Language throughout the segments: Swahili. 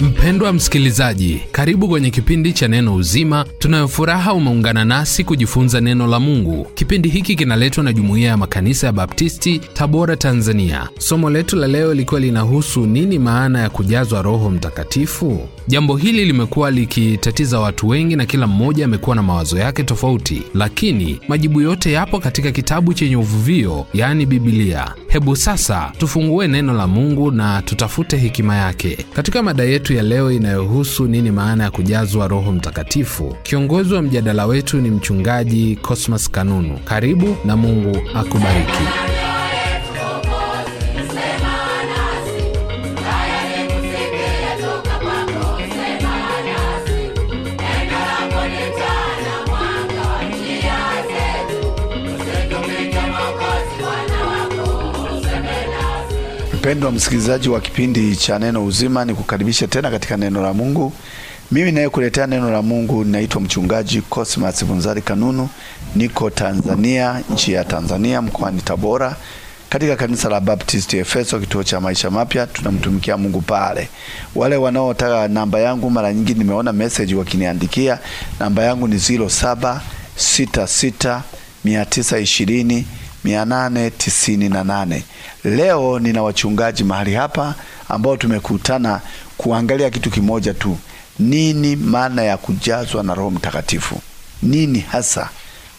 Mpendwa msikilizaji, karibu kwenye kipindi cha Neno Uzima. Tunayofuraha umeungana nasi kujifunza neno la Mungu. Kipindi hiki kinaletwa na Jumuiya ya Makanisa ya Baptisti, Tabora, Tanzania. Somo letu la leo likiwa linahusu nini maana ya kujazwa Roho Mtakatifu. Jambo hili limekuwa likitatiza watu wengi na kila mmoja amekuwa na mawazo yake tofauti, lakini majibu yote yapo katika kitabu chenye uvuvio, yani bibilia Hebu sasa tufungue neno la Mungu na tutafute hekima yake katika mada yetu yetu ya leo inayohusu nini maana ya kujazwa Roho Mtakatifu. Kiongozi wa mjadala wetu ni Mchungaji Cosmas Kanunu. Karibu na Mungu akubariki. Mpendwa msikilizaji wa kipindi cha Neno Uzima, kukaribisha tena katika neno la Mungu. Mimi nayekuletea neno la Mungu naitwa mchungaji Cosmas Bunzari Kanunu, niko Tanzania, nchi ya Tanzania, mkoani Tabora, katika kanisa la Baptist Efeso, kituo cha maisha mapya. Tunamtumikia Mungu pale. Wale wanaotaka namba yangu, mara nyingi nimeona message wakiniandikia, namba yangu ni 0766 920 898. Leo nina wachungaji mahali hapa ambao tumekutana kuangalia kitu kimoja tu. Nini maana ya kujazwa na Roho Mtakatifu? Nini hasa?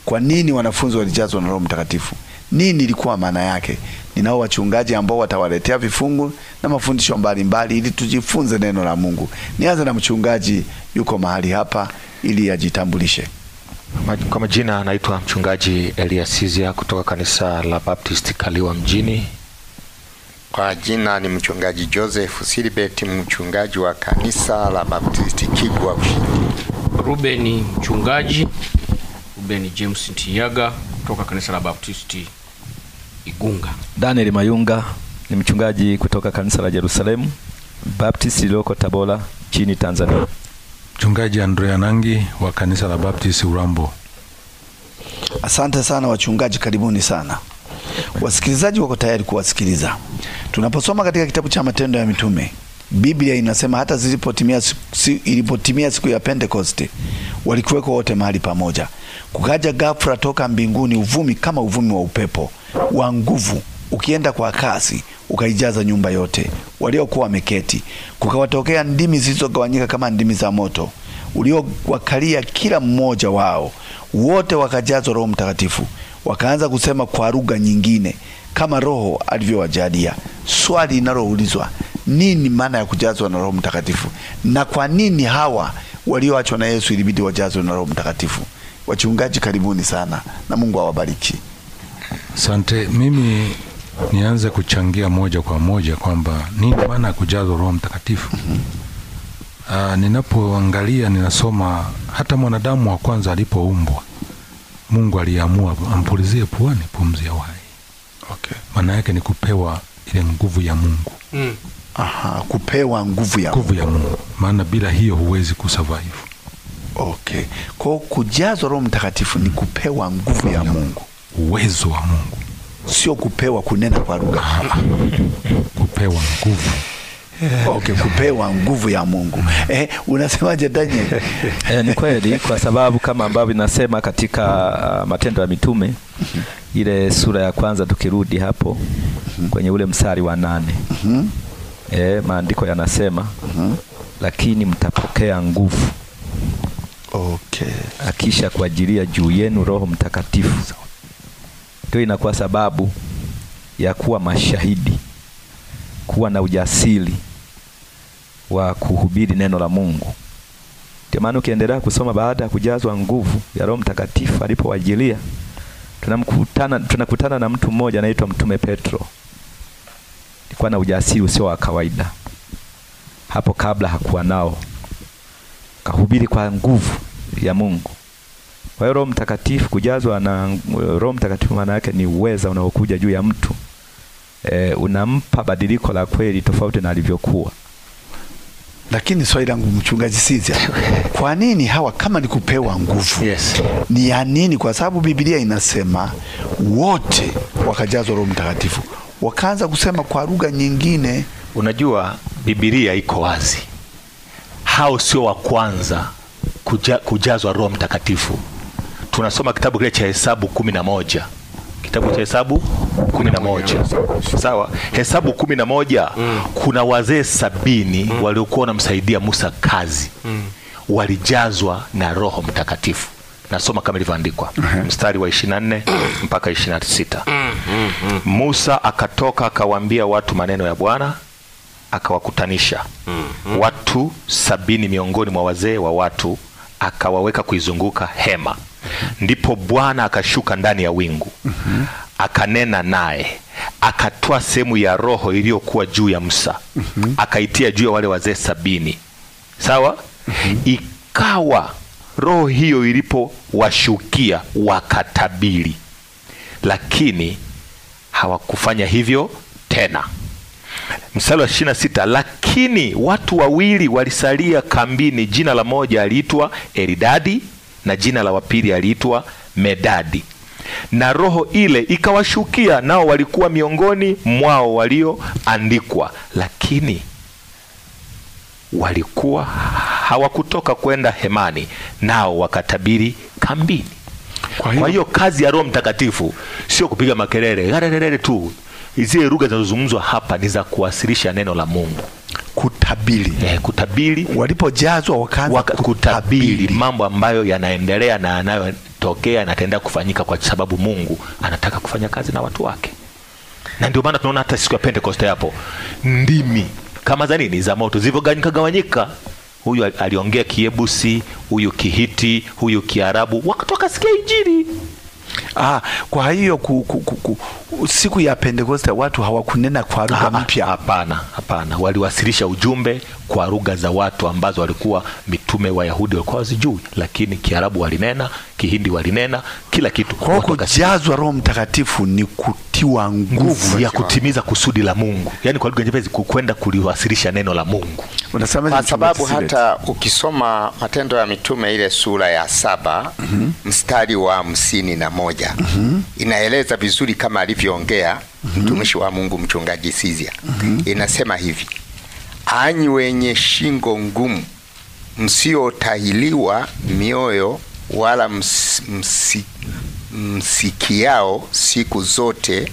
Kwa nini wanafunzi walijazwa na Roho Mtakatifu? Nini ilikuwa maana yake? Ninao wachungaji ambao watawaletea vifungu na mafundisho mbalimbali ili tujifunze neno la Mungu. Nianze na mchungaji yuko mahali hapa ili ajitambulishe. Kwa majina anaitwa mchungaji Elia Sizia kutoka kanisa la Baptist Kaliwa mjini. Kwa jina ni mchungaji Joseph Silibeti, mchungaji wa kanisa la Baptist Kigwa Ushindi. Ruben mchungaji Ruben James Ntiyaga kutoka kanisa la Baptist Igunga. Daniel Mayunga ni mchungaji kutoka kanisa la Jerusalemu Baptist iliyoko Tabora chini Tanzania. Mchungaji Andrea Nangi wa kanisa la Baptist Urambo. Asante sana wachungaji, karibuni sana wasikilizaji, wako tayari kuwasikiliza. Tunaposoma katika kitabu cha Matendo ya Mitume, Biblia inasema hata zilipotimia, ilipotimia siku ya Pentekoste walikuweko wote mahali pamoja, kukaja ghafla toka mbinguni uvumi kama uvumi wa upepo wa nguvu ukienda kwa kasi ukaijaza nyumba yote. Waliokuwa wameketi kukawatokea ndimi zilizogawanyika kama ndimi za moto, uliowakalia kila mmoja wao. Wote wakajazwa Roho Mtakatifu, wakaanza kusema kwa lugha nyingine kama Roho alivyowajalia. Swali linaloulizwa nini maana ya kujazwa na Roho Mtakatifu, na kwa nini hawa walioachwa na Yesu ilibidi wajazwe na Roho Mtakatifu? Wachungaji, karibuni sana na Mungu awabariki. Asante mimi nianze kuchangia moja kwa moja kwamba nini maana ya kujazwa Roho Mtakatifu. Aa, ah, ninapoangalia ninasoma hata mwanadamu wa kwanza alipoumbwa Mungu aliamua ampulizie puani pumzi ya uhai. Okay. Maana yake ni kupewa ile nguvu ya Mungu. Mm. Aha, kupewa nguvu ya nguvu ya Mungu, maana bila hiyo huwezi kusurvive. Okay. Kwa kujazwa Roho Mtakatifu ni kupewa nguvu ya Mungu, uwezo wa Mungu sio kupewa kunena kwa lugha kupewa nguvu Okay, kupewa nguvu ya Mungu. Eh, unasemaje Daniel? Eh, ni kweli kwa sababu kama ambavyo inasema katika uh, Matendo ya Mitume ile sura ya kwanza tukirudi hapo kwenye ule msari wa nane eh, maandiko yanasema lakini mtapokea nguvu okay, akisha kuajilia juu yenu Roho Mtakatifu ndio inakuwa sababu ya kuwa mashahidi, kuwa na ujasiri wa kuhubiri neno la Mungu. Ndio maana ukiendelea kusoma, baada ya kujazwa nguvu ya Roho Mtakatifu alipowajilia, tunamkutana tunakutana na mtu mmoja anaitwa Mtume Petro. Alikuwa na ujasiri usio wa kawaida, hapo kabla hakuwa nao, kahubiri kwa nguvu ya Mungu. Kwa hiyo Roho Mtakatifu, kujazwa na eh, Roho Mtakatifu maana yake ni uweza unaokuja juu ya mtu e, unampa badiliko la kweli tofauti na alivyokuwa. Lakini swali langu mchungaji Sizia, kwa nini hawa kama ni kupewa nguvu yes? Ni ya nini? Kwa sababu Biblia inasema wote wakajazwa Roho Mtakatifu wakaanza kusema kwa lugha nyingine. Unajua Biblia iko wazi, hao sio wa kwanza kuja, kujazwa Roho Mtakatifu tunasoma kitabu kile cha Hesabu kumi na moja kitabu cha Hesabu kumi na moja sawa. Hesabu kumi na moja mm. kuna wazee sabini mm. waliokuwa wanamsaidia Musa kazi mm. walijazwa na Roho Mtakatifu. Nasoma kama ilivyoandikwa uh -huh. mstari wa 24 mm. mpaka 26. mm, mm, mm. Musa akatoka akawaambia watu maneno ya Bwana akawakutanisha mm, mm. watu sabini miongoni mwa wazee wa watu akawaweka kuizunguka hema, ndipo Bwana akashuka ndani ya wingu mm -hmm. akanena naye akatoa sehemu ya roho iliyokuwa juu ya Musa mm -hmm. akaitia juu ya wale wazee sabini sawa mm -hmm. ikawa roho hiyo ilipowashukia wakatabiri, lakini hawakufanya hivyo tena mstari wa ishirini na sita lakini watu wawili walisalia kambini, jina la moja aliitwa eridadi na jina la wapili aliitwa Medadi, na roho ile ikawashukia, nao walikuwa miongoni mwao walioandikwa, lakini walikuwa hawakutoka kwenda hemani, nao wakatabiri kambini. Kwa hiyo kazi ya Roho Mtakatifu sio kupiga makelele garerere tu zile lugha zinazozungumzwa hapa ni za kuwasilisha neno la Mungu kutabiri, eh, kutabiri. Walipojazwa wakaanza waka, kutabiri mambo ambayo yanaendelea na yanayotokea yanatendea kufanyika, kwa sababu Mungu anataka kufanya kazi na watu wake, na ndio maana tunaona hata siku ya Pentekoste hapo ndimi kama za nini za moto zilivyogawanyika gawanyika huyu aliongea Kiebusi, huyu Kihiti, huyu Kiarabu, wakatoka sikia Injili. Ah, kwa hiyo ku, ku, ku, ku, siku ya Pentekoste watu hawakunena kwa lugha ah, ah, mpya. Hapana, hapana, waliwasilisha ujumbe kwa lugha za watu ambazo walikuwa mitume Wayahudi walikuwa wazijui, lakini Kiarabu walinena, Kihindi walinena, kila kitu. Kwa kujazwa Roho Mtakatifu ni kutiwa nguvu ya kutimiza kusudi la Mungu, yaani kwa lugha nyepesi, kukwenda kuliwasilisha neno la Mungu. Unasema kwa sababu hata ukisoma Matendo ya Mitume ile sura ya saba mm -hmm. mstari wa hamsini na moja mm -hmm. inaeleza vizuri kama alivyoongea mhm. mtumishi mm -hmm. wa Mungu mchungaji Sizia mm -hmm. inasema hivi, anyi wenye shingo ngumu, msiotahiliwa mioyo wala ms, ms, msikiao siku zote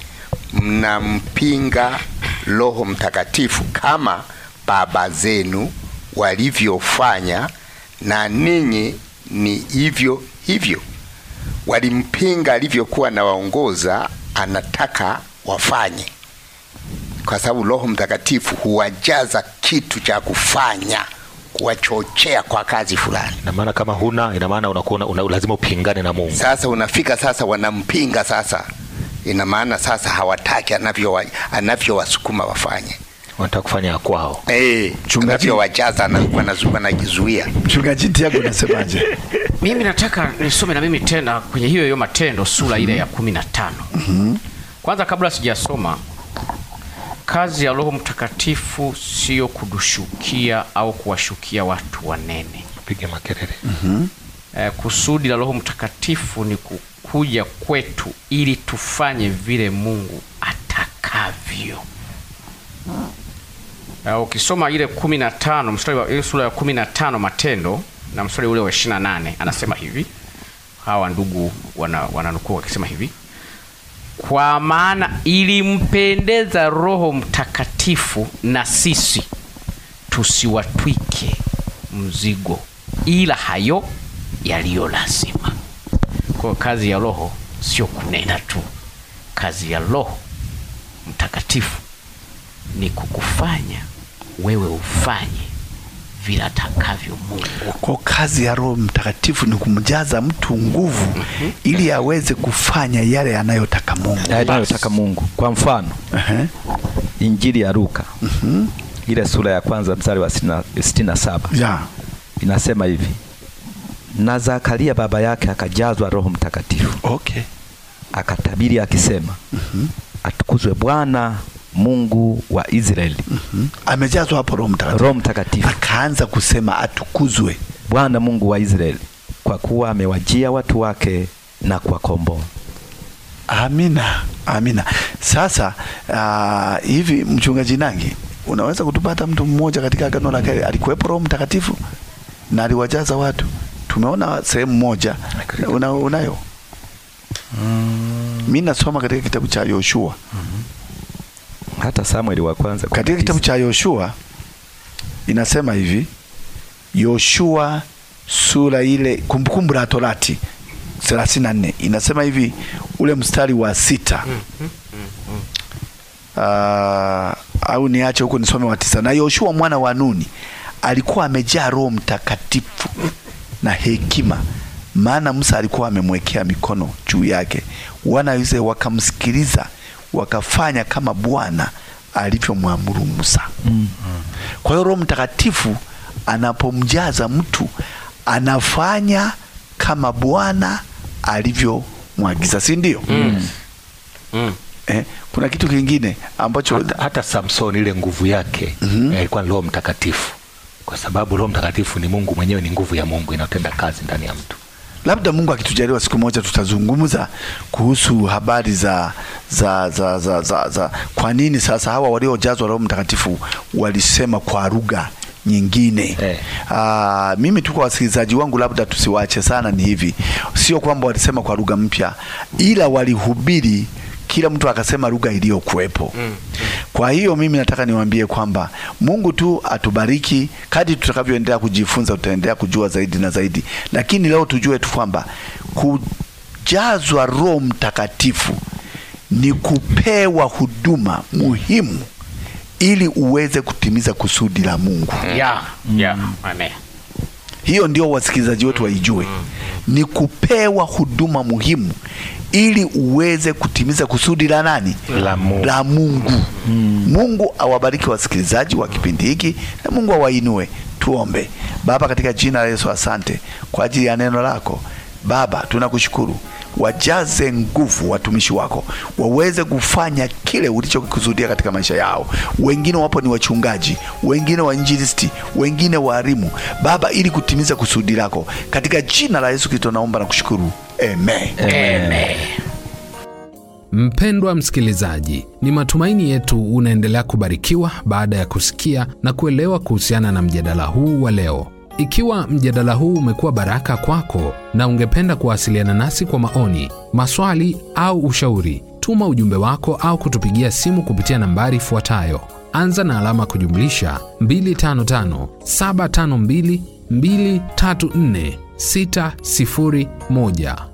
mnampinga Roho Mtakatifu kama baba zenu walivyofanya, na ninyi ni hivyo hivyo. Walimpinga alivyokuwa na waongoza, anataka wafanye, kwa sababu Roho Mtakatifu huwajaza kitu cha kufanya kuwachochea kwa kazi fulani. Ina maana kama huna, ina maana unakuwa una, lazima upingane na Mungu. Sasa unafika sasa, wanampinga sasa, ina maana sasa hawataki anavyowasukuma anavyo wafanye wanataka kufanya kwao. Eh, mchungaji wajaza na kwa na kizuia. Mchungaji Tiago nasemaje? Mimi nataka nisome na mimi tena kwenye hiyo hiyo Matendo sura ile ya 15. Mhm. Mm Kwanza kabla sijasoma kazi ya Roho Mtakatifu sio kudushukia au kuwashukia watu wanene. Piga makelele. Mm Eh, kusudi la Roho Mtakatifu ni kukuja kwetu ili tufanye vile Mungu atakavyo. Mm uh, ukisoma ile 15 mstari wa ile sura ya 15 Matendo na mstari ule wa 28 anasema hivi, hawa ndugu wananukuu wana wakisema hivi, kwa maana ilimpendeza Roho Mtakatifu na sisi tusiwatwike mzigo ila hayo yaliyo lazima. Kwa kazi ya Roho sio kunena tu, kazi ya Roho Mtakatifu ni kukufanya wewe ufanye vilatakavyo Mungu. Kwa kazi ya Roho Mtakatifu ni kumjaza mtu nguvu mm -hmm. ili aweze kufanya yale anayotaka Mungu, anayotaka Mungu. Kwa mfano uh -huh. Injili ya Luka uh mhm. -huh. ile sura ya kwanza mstari wa sitini na saba yeah. inasema hivi, na Zakaria baba yake akajazwa Roho Mtakatifu okay. akatabiri akisema uh mhm. -huh. atukuzwe Bwana Mungu wa Israeli. mm -hmm. Amejazwa hapo Roho Mtakatifu. Roho Mtakatifu. Akaanza kusema atukuzwe Bwana Mungu wa Israeli kwa kuwa amewajia watu wake na kuwakomboa. Amina, amina. Sasa uh, hivi mchungaji Nangi, unaweza kutupata mtu mmoja katika Agano la Kale alikuwepo Roho Mtakatifu na aliwajaza watu? Tumeona sehemu moja, una, unayo? mm. Mimi nasoma katika kitabu cha Yoshua mm hata Samueli wa kwanza katika kitabu cha Yoshua inasema hivi, Yoshua sura ile, Kumbukumbu la Torati 34 inasema hivi, ule mstari wa sita mm -hmm. Mm -hmm. Uh, au niache huko nisome wa tisa. Na Yoshua mwana wa Nuni alikuwa amejaa Roho Mtakatifu na hekima, maana Musa alikuwa amemwekea mikono juu yake. Wana wa Israeli wakamsikiliza wakafanya kama Bwana alivyomwamuru Musa. mm. Kwa hiyo Roho Mtakatifu anapomjaza mtu anafanya kama Bwana alivyomwagiza, si ndio? mm. mm. mm. Eh, kuna kitu kingine ambacho hata, hata Samson ile nguvu yake mm -hmm. ni Roho Mtakatifu, kwa sababu Roho Mtakatifu ni Mungu mwenyewe, ni nguvu ya Mungu inatenda kazi ndani ya mtu labda Mungu akitujaliwa siku moja tutazungumza kuhusu habari za za za za, za, za. Kwa nini sasa hawa waliojazwa Roho Mtakatifu walisema kwa lugha nyingine hey. Eh. Aa, ah, mimi tu kwa wasikilizaji wangu labda tusiwache sana, ni hivi, sio kwamba walisema kwa lugha mpya, ila walihubiri kila mtu akasema lugha iliyokuwepo. Mm, mm. Kwa hiyo mimi nataka niwaambie kwamba Mungu tu atubariki. Kadri tutakavyoendelea kujifunza, tutaendelea kujua zaidi na zaidi, lakini leo tujue tu kwamba kujazwa Roho Mtakatifu ni kupewa huduma muhimu ili uweze kutimiza kusudi la Mungu. Mm. Yeah, yeah, amen. Hiyo ndio wasikilizaji wetu waijue, ni kupewa huduma muhimu ili uweze kutimiza kusudi la nani? La Mungu, la Mungu. Hmm. Mungu awabariki wasikilizaji wa kipindi hiki na Mungu awainue. Tuombe. Baba, katika jina la Yesu, asante kwa ajili ya neno lako Baba, tunakushukuru wajaze nguvu watumishi wako, waweze kufanya kile ulichokikusudia katika maisha yao. Wengine wapo ni wachungaji, wengine wainjilisti, wengine waalimu, Baba, ili kutimiza kusudi lako katika jina la Yesu Kristo naomba na kushukuru Amen. Amen. Mpendwa msikilizaji, ni matumaini yetu unaendelea kubarikiwa baada ya kusikia na kuelewa kuhusiana na mjadala huu wa leo. Ikiwa mjadala huu umekuwa baraka kwako na ungependa kuwasiliana nasi kwa maoni, maswali au ushauri, tuma ujumbe wako au kutupigia simu kupitia nambari ifuatayo: anza na alama kujumlisha 255 752 234 601.